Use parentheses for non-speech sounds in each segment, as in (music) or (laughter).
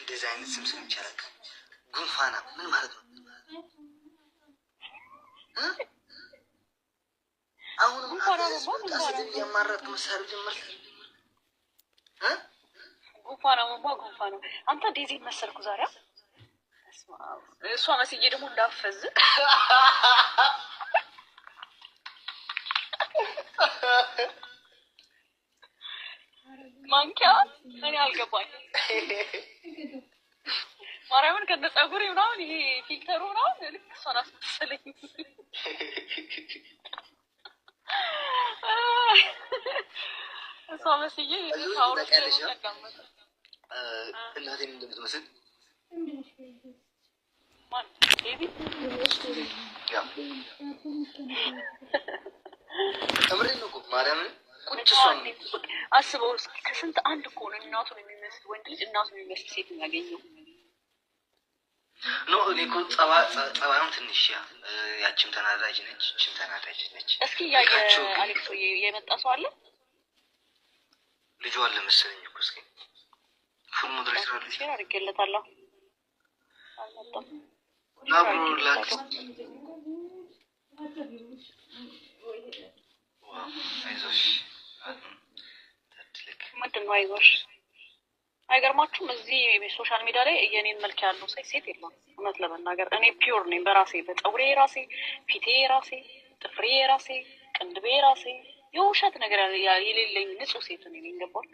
እንደዚህ አይነት ስም ስም ይቻላል። ጉንፋና ምን ማለት ነው? አሁንም ስድብ እያማረጥክ መሳሪያ ጀመር። ጉንፋና ማ ጉንፋና አንተ ዴዚን መሰልኩ ዛሬ እሷ መስዬ ደግሞ እንዳፈዝ (laughs) ማንኪያ እኔ አልገባኝ። ማርያምን ከነ ፀጉር ምናምን ይሄ ፊልተሩ ምናምን ልክ እሷን አስመሰለኝ። እሷ መስዬ እናቴን እንደምትመስል እምሬን ነው ማርያምን ቤት ውስጥ አስበው እስኪ ከስንት አንድ እኮ ነው እናቱን የሚመስል ወንድ ልጅ እናቱን የሚመስል ሴት የሚያገኘው። ኖ እኔ እኮ ጸባዩም ትንሽ ያ ያችም ተናዳጅ ነች፣ ችም ተናዳጅ ነች። እስኪ ያ የአሌክስ የመጣ ሰው አለ ልጁ አለ መሰለኝ እኮ እስኪ ፉል ሞድሬት ራለች አድርጌለታለሁ። አልመጣም ናብሮ ላክስ አይዞሽ አይገርማችሁም? እዚህ ሶሻል ሚዲያ ላይ የኔን መልክ ያለው ሳይ ሴት የለም። እውነት ለመናገር እኔ ፒዮር ነኝ በራሴ በፀጉሬ ራሴ፣ ፊቴ ራሴ፣ ጥፍሬ ራሴ፣ ቅንድቤ ራሴ፣ የውሸት ነገር የሌለኝ ንጹህ ሴት ነኝ። ገባች?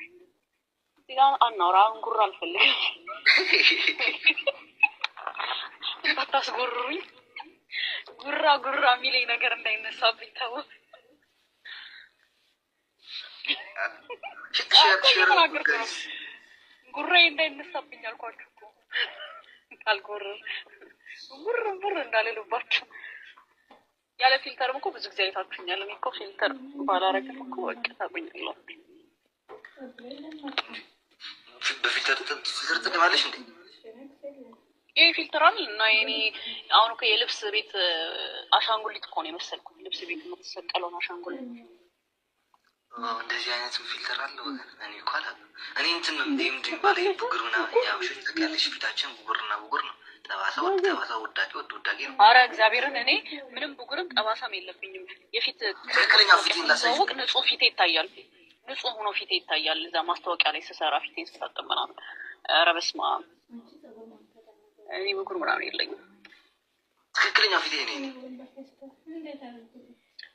እዚጋ አናውራ አንጉር አልፈልግም። እንዳታስጎርሩኝ ጉራ ጉራ የሚለኝ ነገር እንዳይነሳብኝ ተው። ጉራዬ እንዳይነሳብኝ አልኳችሁ እኮ አልጎርም እንዳልልባቸው ያለ ፊልተርም እኮ ብዙ ጊዜ አይታችሁኛል። እኔ እኮ ፊልተር ባላረግም እኮ በቃ በፊልተር ትንባለሽ እንዴ? ይህ እና የኔ አሁን እኮ የልብስ ቤት አሻንጉሊት እኮ ነው ልብስ ቤት የምትሰቀለውን አሻንጉሊት እንደዚህ አይነት ፊልተር አለ ወገን። እኔ እኮ አላውቅም። እኔ ቡግር ምናምን ፊታችን ቡግርና ቡግር ነው። ጠባሳ ወድ ጠባሳ ወዳቂ ወድ ወዳቂ ነው። አረ እግዚአብሔርን እኔ ምንም ቡግርም ጠባሳም የለብኝም። የፊት ትክክለኛ ፊት ንጹህ ፊቴ ይታያል። ንጹህ ሆኖ ፊቴ ይታያል። እዛ ማስታወቂያ ላይ ስሰራ ፊቴን ስታጠብ ምናምን። ኧረ በስመ አብ እኔ ቡግር ምናምን የለኝም። ትክክለኛ ፊቴ እኔ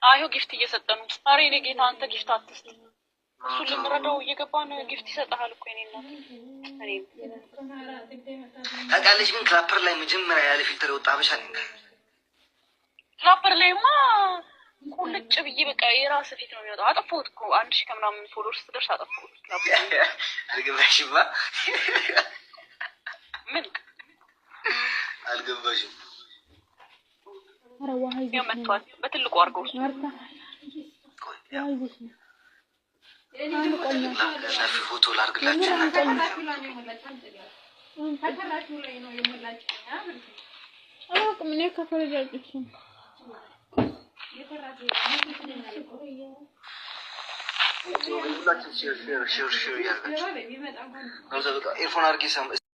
አዩ ጊፍት እየሰጠ ነው። አሬ እኔ ጌታ አንተ ጊፍት አትስጥ፣ እሱ ልምረዳው ነው ጊፍት ይሰጠሃል እኮ ኔ ነው። ታውቃለች ግን ክላፐር ላይ መጀመሪያ ያለ ፊልተር የወጣ አበሻ ነ ክላፐር ላይማ ቁልጭ ብዬ በቃ የራስ ፊት ነው የሚወጣው። አጠፋሁት እኮ አንድ ሺህ ከምናምን ፎሎወርስ ስትደርስ አጠፋሁት። አልገባሽማ ምን አልገባሽም መጥቷል። በትልቁ አድርገው ሰፊ ፎቶ ላድርግላችሁ። ምን ከፈረጃጭችን ሁላችን ሼር ነው። ኤርፎን አድርጌ